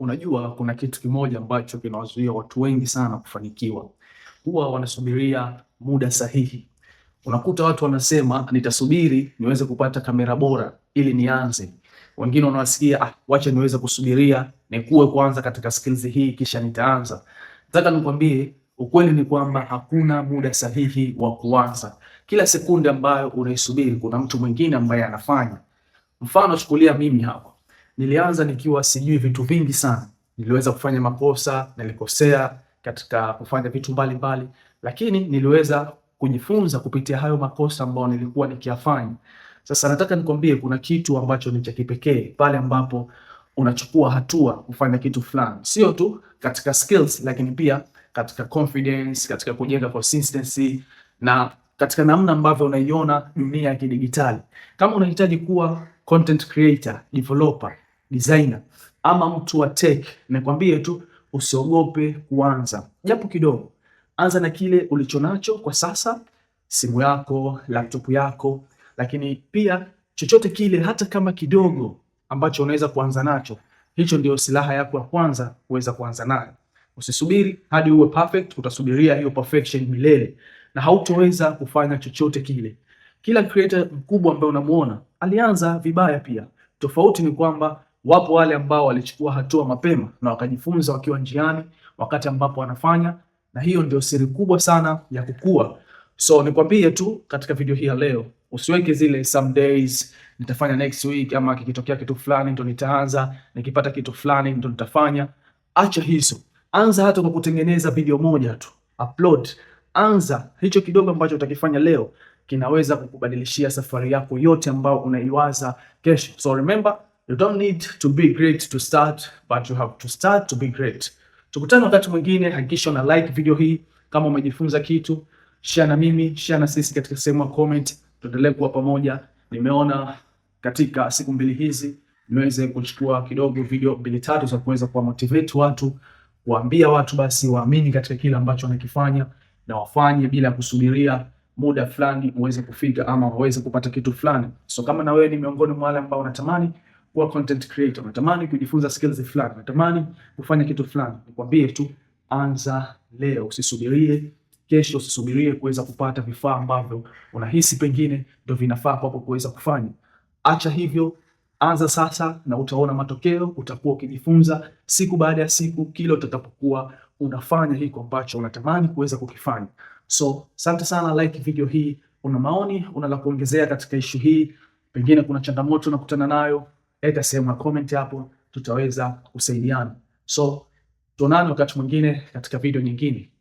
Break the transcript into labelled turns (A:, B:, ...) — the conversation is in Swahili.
A: Unajua, kuna kitu kimoja ambacho kinawazuia watu wengi sana kufanikiwa, huwa wanasubiria muda sahihi. Unakuta watu wanasema nitasubiri niweze kupata kamera bora ili nianze. Wengine wanawasikia ah, wacha niweze kusubiria nikuwe kwanza katika skills hii kisha nitaanza. Nataka nikwambie ukweli ni kwamba hakuna muda sahihi wa kuanza. Kila sekunde ambayo unaisubiri kuna mtu mwingine ambaye anafanya. Mfano, chukulia mimi hapa Nilianza nikiwa sijui vitu vingi sana, niliweza kufanya makosa, nilikosea katika kufanya vitu mbalimbali mbali. Lakini niliweza kujifunza kupitia hayo makosa ambayo nilikuwa nikiyafanya. Sasa nataka nikwambie kuna kitu ambacho ni cha kipekee pale ambapo unachukua hatua kufanya kitu fulani, sio tu katika skills, lakini pia katika confidence, katika kujenga consistency na katika namna ambavyo unaiona dunia ya kidijitali. Kama unahitaji kuwa content creator, developer designer ama mtu wa tech, nikwambie tu usiogope kuanza japo kidogo. Anza na kile ulichonacho kwa sasa, simu yako, laptop yako, lakini pia chochote kile, hata kama kidogo, ambacho unaweza kuanza nacho, hicho ndio silaha yako ya kwanza kuweza kuanza nayo. Usisubiri hadi uwe perfect, utasubiria hiyo perfection milele na hautoweza kufanya chochote kile. Kila creator mkubwa ambaye unamuona alianza vibaya pia. Tofauti ni kwamba Wapo wale ambao walichukua hatua mapema na wakajifunza wakiwa njiani, wakati ambapo wanafanya, na hiyo ndio siri kubwa sana ya kukua. So nikwambie tu katika video hii ya leo, usiweke zile some days nitafanya next week, ama kikitokea kitu fulani ndo nitaanza, nikipata kitu fulani ndo nitafanya. Acha hizo, anza hata kwa kutengeneza video moja tu upload. Anza hicho kidogo ambacho utakifanya leo, kinaweza kukubadilishia safari yako yote ambayo unaiwaza kesho. So remember You don't need to be great to start, but you have to start to be great. Tukutane wakati mwingine, hakikisha una like video hii kama umejifunza kitu, share na mimi, share na sisi katika sehemu ya comment, tuendelee kuwa pamoja. Nimeona katika siku mbili hizi niweze kuchukua kidogo video mbili tatu za kuweza kuwa motivate watu, kuambia watu basi waamini katika kile ambacho wanakifanya na wafanye bila kusubiria muda fulani uweze kufika ama waweze kupata kitu fulani. So kama na wewe ni miongoni mwa wale ambao unatamani kuwa content creator, unatamani kujifunza skills fulani, unatamani kufanya kitu fulani, nikwambie tu anza leo, usisubirie kesho, usisubirie kuweza kupata vifaa ambavyo unahisi pengine ndio vinafaa kwako kuweza kufanya. Acha hivyo, anza sasa na utaona matokeo. Utakuwa ukijifunza siku baada ya siku, kila utakapokuwa unafanya hiko ambacho unatamani kuweza kukifanya. So asante sana, like video hii. Una maoni, una la kuongezea katika ishu hii, pengine kuna changamoto unakutana nayo leta sehemu ya comment hapo, tutaweza kusaidiana. So tuonane wakati mwingine katika video nyingine.